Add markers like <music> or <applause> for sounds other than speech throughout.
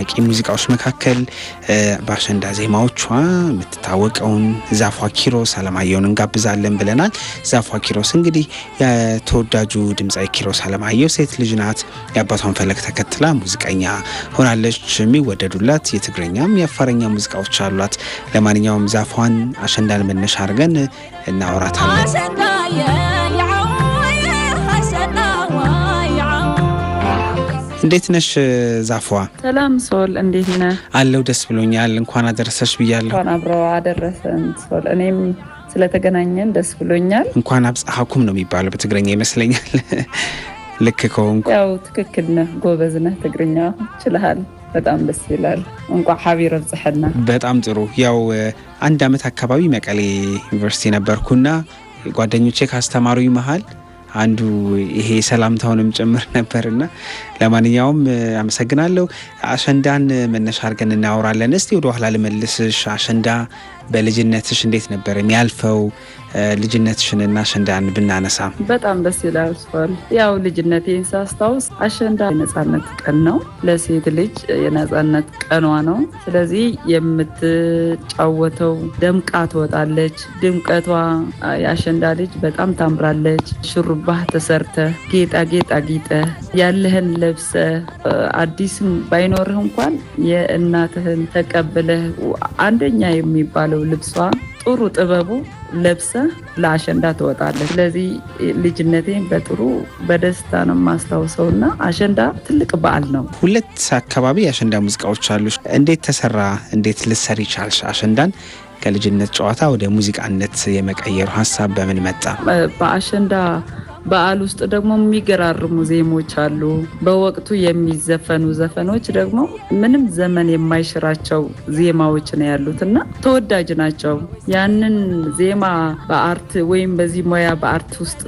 ከአስደናቂ ሙዚቃዎች መካከል በአሸንዳ ዜማዎቿ የምትታወቀውን ዛፏ ኪሮስ አለማየሁን እንጋብዛለን ብለናል። ዛፏ ኪሮስ እንግዲህ የተወዳጁ ድምፃዊ ኪሮስ አለማየሁ ሴት ልጅ ናት። የአባቷን ፈለግ ተከትላ ሙዚቀኛ ሆናለች። የሚወደዱላት የትግረኛም የአፋረኛ ሙዚቃዎች አሏት። ለማንኛውም ዛፏን አሸንዳን መነሻ አድርገን እናወራታለን። እንዴት ነሽ ዛፏ? ሰላም ሶል፣ እንዴት ነ አለው ደስ ብሎኛል። እንኳን አደረሰሽ ብያለሁ። እንኳን አብሮ አደረሰን ሶል። እኔም ስለተገናኘን ደስ ብሎኛል። እንኳን አብጽሐኩም ነው የሚባለው በትግረኛ ይመስለኛል። <laughs> ልክ ከሆንኩ ያው ትክክል ነህ። ጎበዝ ነህ። ትግርኛ ችልሃል። በጣም ደስ ይላል። እንኳ ሓቢር ኣብፅሐና። በጣም ጥሩ። ያው አንድ ዓመት አካባቢ መቀሌ ዩኒቨርሲቲ ነበርኩና ጓደኞቼ ካስተማሩ መሀል። አንዱ ይሄ ሰላምታውንም ጭምር ነበርና፣ ለማንኛውም አመሰግናለሁ። አሸንዳን መነሻ አድርገን እናወራለን። እስቲ ወደ ኋላ ልመልስሽ። አሸንዳ በልጅነትሽ እንዴት ነበር የሚያልፈው? ልጅነትሽንና አሸንዳን ብናነሳ በጣም ደስ ይላል። ያው ልጅነቴን ሳስታውስ አሸንዳ የነፃነት ቀን ነው፣ ለሴት ልጅ የነፃነት ቀኗ ነው። ስለዚህ የምትጫወተው ደምቃ ትወጣለች። ድምቀቷ የአሸንዳ ልጅ በጣም ታምራለች። ሹሩባህ ተሰርተ፣ ጌጣጌጥ አጊጠ፣ ያለህን ለብሰ፣ አዲስም ባይኖርህ እንኳን የእናትህን ተቀብለህ አንደኛ የሚባለው ልብሷ ጥሩ ጥበቡ ለብሰ ለአሸንዳ ትወጣለች። ስለዚህ ልጅነቴን በጥሩ በደስታ ነው የማስታውሰው እና አሸንዳ ትልቅ በዓል ነው። ሁለት አካባቢ የአሸንዳ ሙዚቃዎች አሉ። እንዴት ተሰራ? እንዴት ልሰር ይቻል አሸንዳን ከልጅነት ጨዋታ ወደ ሙዚቃነት የመቀየሩ ሀሳብ በምን መጣ? በአሸንዳ በዓል ውስጥ ደግሞ የሚገራርሙ ዜሞች አሉ። በወቅቱ የሚዘፈኑ ዘፈኖች ደግሞ ምንም ዘመን የማይሽራቸው ዜማዎች ነው ያሉት እና ተወዳጅ ናቸው። ያንን ዜማ በአርት ወይም በዚህ ሙያ በአርት ውስጥ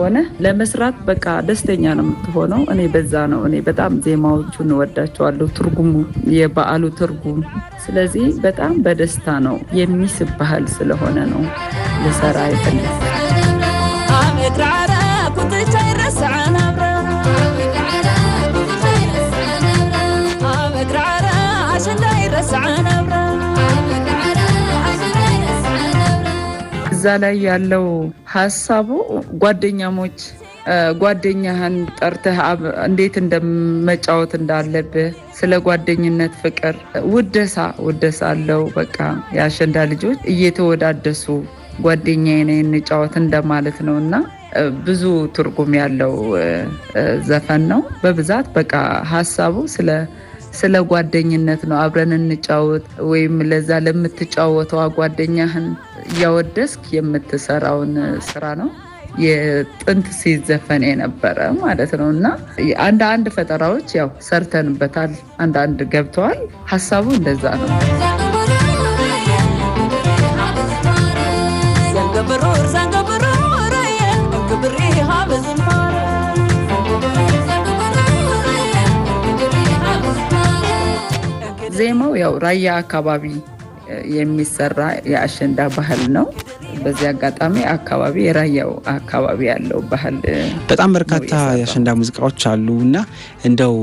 ሆነ ለመስራት በቃ ደስተኛ ነው የምትሆነው። እኔ በዛ ነው እኔ በጣም ዜማዎቹን እወዳቸዋለሁ፣ ትርጉሙ የበዓሉ ትርጉም። ስለዚህ በጣም በደስታ ነው የሚስብ ባህል ስለሆነ ነው ልሰራ የፈለኩት። እዛ ላይ ያለው ሀሳቡ ጓደኛሞች ጓደኛህን ጠርተህ እንዴት እንደመጫወት እንዳለብህ ስለ ጓደኝነት ፍቅር ውደሳ ውደሳ አለው። በቃ የአሸንዳ ልጆች እየተወዳደሱ ጓደኛዬ ነኝ እንጫወት እንደማለት ነው እና ብዙ ትርጉም ያለው ዘፈን ነው። በብዛት በቃ ሀሳቡ ስለ ስለ ጓደኝነት ነው። አብረን እንጫወት ወይም ለዛ ለምትጫወተው ጓደኛህን እያወደስክ የምትሰራውን ስራ ነው። የጥንት ሲዘፈን የነበረ ማለት ነው። እና አንዳንድ ፈጠራዎች ያው ሰርተንበታል፣ አንዳንድ ገብተዋል። ሀሳቡ እንደዛ ነው። ዜማው ያው ራያ አካባቢ የሚሰራ የአሸንዳ ባህል ነው። በዚህ አጋጣሚ አካባቢ የራያው አካባቢ ያለው ባህል በጣም በርካታ የአሸንዳ ሙዚቃዎች አሉ እና እንደው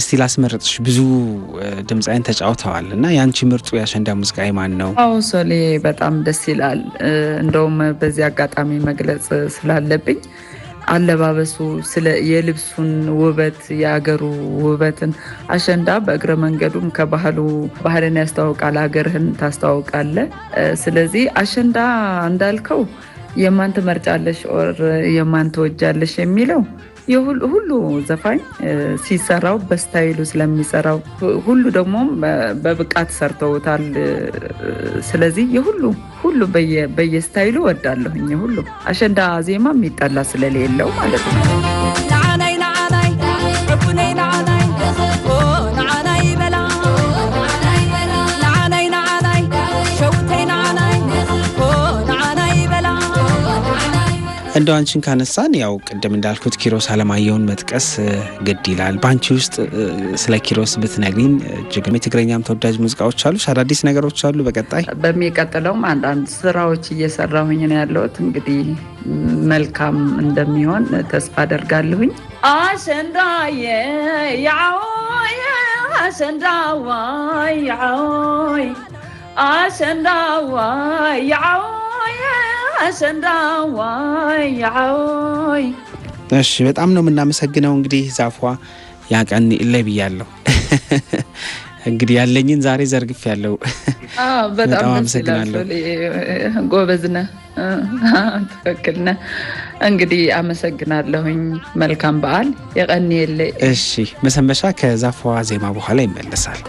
እስቲ ላስመረጥሽ። ብዙ ድምፃውያን ተጫውተዋል እና የአንቺ ምርጡ የአሸንዳ ሙዚቃ የማን ነው? አዎ ሶሌ በጣም ደስ ይላል። እንደውም በዚህ አጋጣሚ መግለጽ ስላለብኝ አለባበሱ፣ ስለ የልብሱን ውበት፣ የአገሩ ውበትን አሸንዳ በእግረ መንገዱም ከባህሉ ባህልን ያስተዋውቃል፣ ሀገርህን ታስተዋውቃለ። ስለዚህ አሸንዳ እንዳልከው የማን ትመርጫለሽ ኦር የማን ትወጃለሽ የሚለው ሁሉ ዘፋኝ ሲሰራው በስታይሉ ስለሚሰራው ሁሉ ደግሞ በብቃት ሰርተውታል። ስለዚህ የሁሉ ሁሉ በየስታይሉ ወዳለሁኝ ሁሉ አሸንዳ ዜማ የሚጠላ ስለሌለው ማለት ነው። እንደው አንቺን ካነሳን ያው ቅድም እንዳልኩት ኪሮስ አለማየሁን መጥቀስ ግድ ይላል። በአንቺ ውስጥ ስለ ኪሮስ ብትነግሪን እጅግ የትግረኛም ተወዳጅ ሙዚቃዎች አሉ፣ አዳዲስ ነገሮች አሉ። በቀጣይ በሚቀጥለውም አንዳንድ ስራዎች እየሰራሁኝ ነው ያለሁት። እንግዲህ መልካም እንደሚሆን ተስፋ አደርጋለሁኝ። አሸንዳዬ ያወይ አሸንዳዋይ ያወይ አሸንዳዋይ ያወይ እሺ በጣም ነው የምናመሰግነው። እንግዲህ ዛፏ ያቀን ላይ ብያለሁ። <laughs> እንግዲህ ያለኝን ዛሬ ዘርግፍ ያለው <laughs> በጣም አመሰግናለሁ። ጎበዝነ <laughs> ትክክልነ እንግዲህ አመሰግናለሁኝ። መልካም በዓል። የቀን የለ እሺ መሰንበሻ ከዛፏ ዜማ በኋላ ይመለሳል።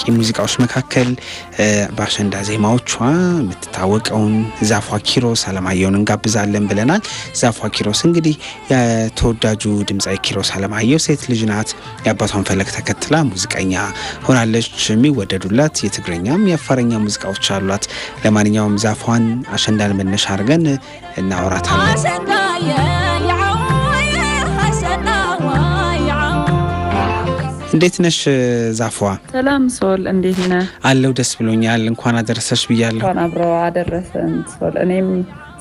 ታዋቂ ሙዚቃዎች መካከል በአሸንዳ ዜማዎቿ የምትታወቀውን ዛፏ ኪሮስ አለማየሁን እንጋብዛለን ብለናል። ዛፏ ኪሮስ እንግዲህ የተወዳጁ ድምፃዊ ኪሮስ አለማየሁ ሴት ልጅ ናት። የአባቷን ፈለግ ተከትላ ሙዚቀኛ ሆናለች። የሚወደዱላት የትግረኛም የአፋረኛ ሙዚቃዎች አሏት። ለማንኛውም ዛፏን አሸንዳን መነሻ አድርገን እናወራታለን። እንዴት ነሽ ዛፏ? ሰላም ሶል፣ እንዴት ነ አለው ደስ ብሎኛል። እንኳን አደረሰሽ ብያለሁ። እንኳን አብረ አደረሰን ሶል። እኔም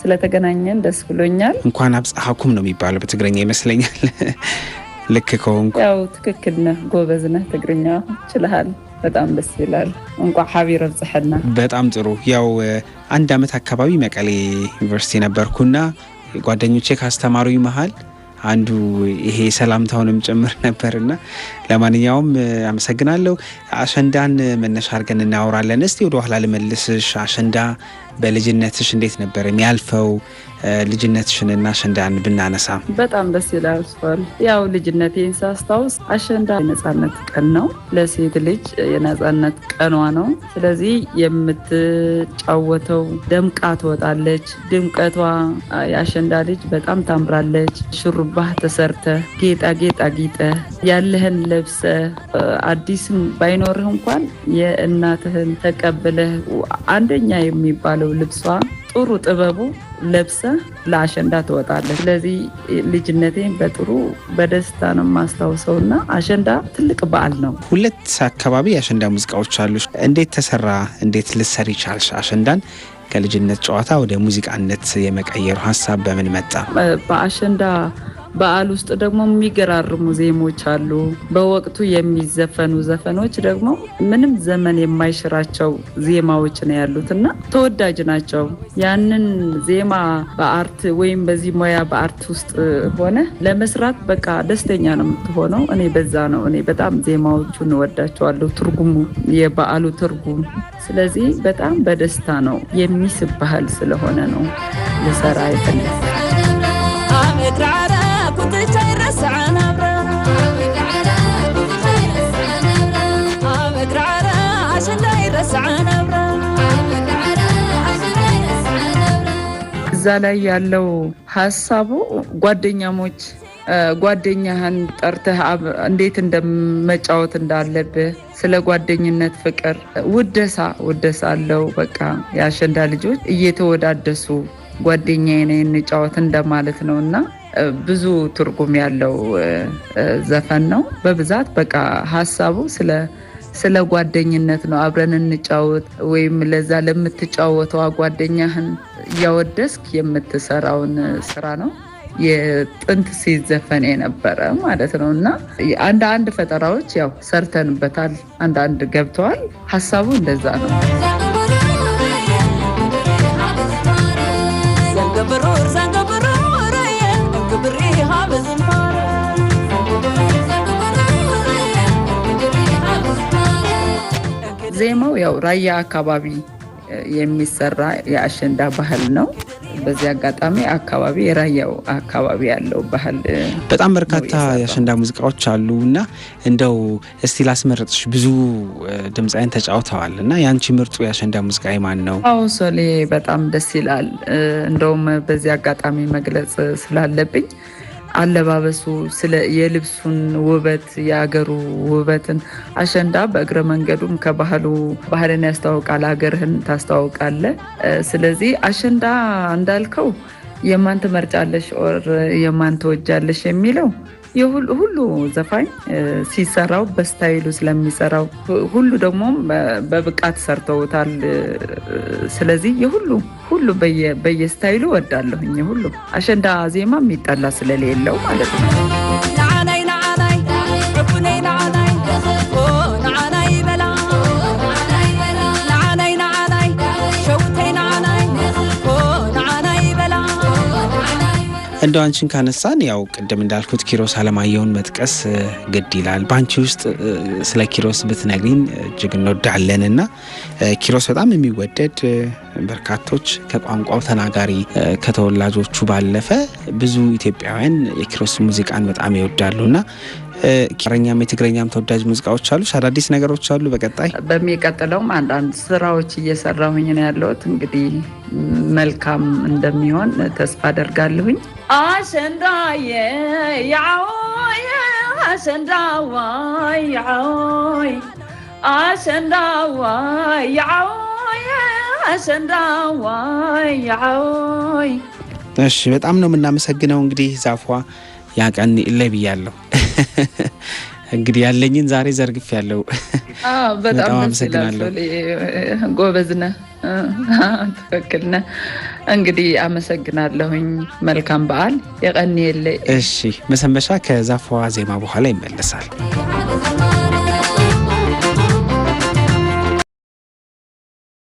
ስለተገናኘን ደስ ብሎኛል። እንኳን አብጽሐኩም ነው የሚባለው በትግረኛ ይመስለኛል። <laughs> ልክ ከሆንኩ ያው ትክክል ነህ። ጎበዝ ነህ። ትግርኛ ችልሃል። በጣም ደስ ይላል። እንኳ ሓቢር ኣብፅሐና። በጣም ጥሩ። ያው አንድ አመት አካባቢ መቀሌ ዩኒቨርሲቲ ነበርኩና ጓደኞቼ ካስተማሩኝ መሀል አንዱ ይሄ ሰላምታውንም ጭምር ነበርና፣ ለማንኛውም አመሰግናለሁ። አሸንዳን መነሻ አድርገን እናወራለን። እስቲ ኋላ ልመልስሽ አሸንዳ በልጅነትሽ እንዴት ነበር የሚያልፈው? ልጅነትሽንና አሸንዳን ብናነሳ በጣም ደስ ይላል። ያው ልጅነቴን ሳስታውስ አሸንዳ የነጻነት ቀን ነው፣ ለሴት ልጅ የነጻነት ቀኗ ነው። ስለዚህ የምትጫወተው ደምቃ ትወጣለች። ድምቀቷ የአሸንዳ ልጅ በጣም ታምራለች። ሹሩባህ ተሰርተ፣ ጌጣጌጥ አጊጠ፣ ያለህን ለብሰ፣ አዲስም ባይኖርህ እንኳን የእናትህን ተቀብለህ አንደኛ የሚባለው ያለው ልብሷ ጥሩ ጥበቡ ለብሰ ለአሸንዳ ትወጣለች። ስለዚህ ልጅነቴን በጥሩ በደስታ ነው የማስታውሰው እና አሸንዳ ትልቅ በዓል ነው። ሁለት አካባቢ የአሸንዳ ሙዚቃዎች አሉ። እንዴት ተሰራ? እንዴት ልሰር ቻልሽ? አሸንዳን ከልጅነት ጨዋታ ወደ ሙዚቃነት የመቀየሩ ሀሳብ በምን መጣ? በአሸንዳ በዓል ውስጥ ደግሞ የሚገራርሙ ዜሞች አሉ። በወቅቱ የሚዘፈኑ ዘፈኖች ደግሞ ምንም ዘመን የማይሽራቸው ዜማዎች ነው ያሉት እና ተወዳጅ ናቸው። ያንን ዜማ በአርት ወይም በዚህ ሙያ በአርት ውስጥ ሆነ ለመስራት በቃ ደስተኛ ነው የምትሆነው። እኔ በዛ ነው እኔ በጣም ዜማዎቹን እወዳቸዋለሁ፣ ትርጉሙ የበዓሉ ትርጉም። ስለዚህ በጣም በደስታ ነው የሚስብ ባህል ስለሆነ ነው ልሰራ አይፈልግ እዛ ላይ ያለው ሀሳቡ ጓደኛሞች ጓደኛህን ጠርተህ እንዴት እንደመጫወት እንዳለብህ ስለ ጓደኝነት ፍቅር ውደሳ ውደሳ አለው። በቃ የአሸንዳ ልጆች እየተወዳደሱ ጓደኛዬን እንጫወት እንደማለት ነው እና ብዙ ትርጉም ያለው ዘፈን ነው። በብዛት በቃ ሀሳቡ ስለ ስለ ጓደኝነት ነው። አብረን እንጫወት ወይም ለዛ ለምትጫወተው ጓደኛህን እያወደስክ የምትሰራውን ስራ ነው። የጥንት ሲዘፈን የነበረ ማለት ነው። እና አንድ አንድ ፈጠራዎች ያው ሰርተንበታል፣ አንዳንድ ገብተዋል። ሀሳቡ እንደዛ ነው። ያው ራያ አካባቢ የሚሰራ የአሸንዳ ባህል ነው። በዚህ አጋጣሚ አካባቢ የራያው አካባቢ ያለው ባህል በጣም በርካታ የአሸንዳ ሙዚቃዎች አሉ እና እንደው እስቲ ላስመረጥሽ። ብዙ ድምፃውያን ተጫውተዋል እና የአንቺ ምርጡ የአሸንዳ ሙዚቃ የማን ነው? አዎ ሶሌ በጣም ደስ ይላል። እንደውም በዚህ አጋጣሚ መግለጽ ስላለብኝ አለባበሱ ስለ የልብሱን ውበት የአገሩ ውበትን አሸንዳ በእግረ መንገዱም ከባህሉ ባህልን ያስተዋውቃል፣ አገርህን ታስተዋውቃለ። ስለዚህ አሸንዳ እንዳልከው የማን ትመርጫለሽ ኦር የማን ትወጃለሽ የሚለው ሁሉ ዘፋኝ ሲሰራው በስታይሉ ስለሚሰራው ሁሉ ደግሞ በብቃት ሰርተውታል። ስለዚህ የሁሉ ሁሉ በየስታይሉ ወዳለሁኝ ሁሉ አሸንዳ ዜማ የሚጠላ ስለሌለው ማለት ነው። እንደው አንቺን ካነሳን ያው ቅድም እንዳልኩት ኪሮስ አለማየሁን መጥቀስ ግድ ይላል። በአንቺ ውስጥ ስለ ኪሮስ ብትነግሪን እጅግ እንወዳለን እና ኪሮስ በጣም የሚወደድ በርካቶች ከቋንቋው ተናጋሪ ከተወላጆቹ ባለፈ ብዙ ኢትዮጵያውያን የኪሮስ ሙዚቃን በጣም ይወዳሉ እና ኪረኛም የትግረኛም ተወዳጅ ሙዚቃዎች አሉ። አዳዲስ ነገሮች አሉ። በቀጣይ በሚቀጥለውም አንዳንድ ስራዎች እየሰራሁኝ ነው ያለሁት። እንግዲህ መልካም እንደሚሆን ተስፋ አደርጋለሁኝ። አሸንዳዬ እሺ በጣም ነው የምናመሰግነው። እንግዲህ ዛፏ ያቀን ለብያለሁ። <laughs> እንግዲህ ያለኝን ዛሬ ዘርግፍ ያለው በጣም አመሰግናለሁ። ጎበዝ ነህ። ትክክል ነህ። እንግዲህ አመሰግናለሁኝ። መልካም በዓል። የቀን የለ እሺ፣ መሰንበቻ ከዛፏ ዜማ በኋላ ይመለሳል።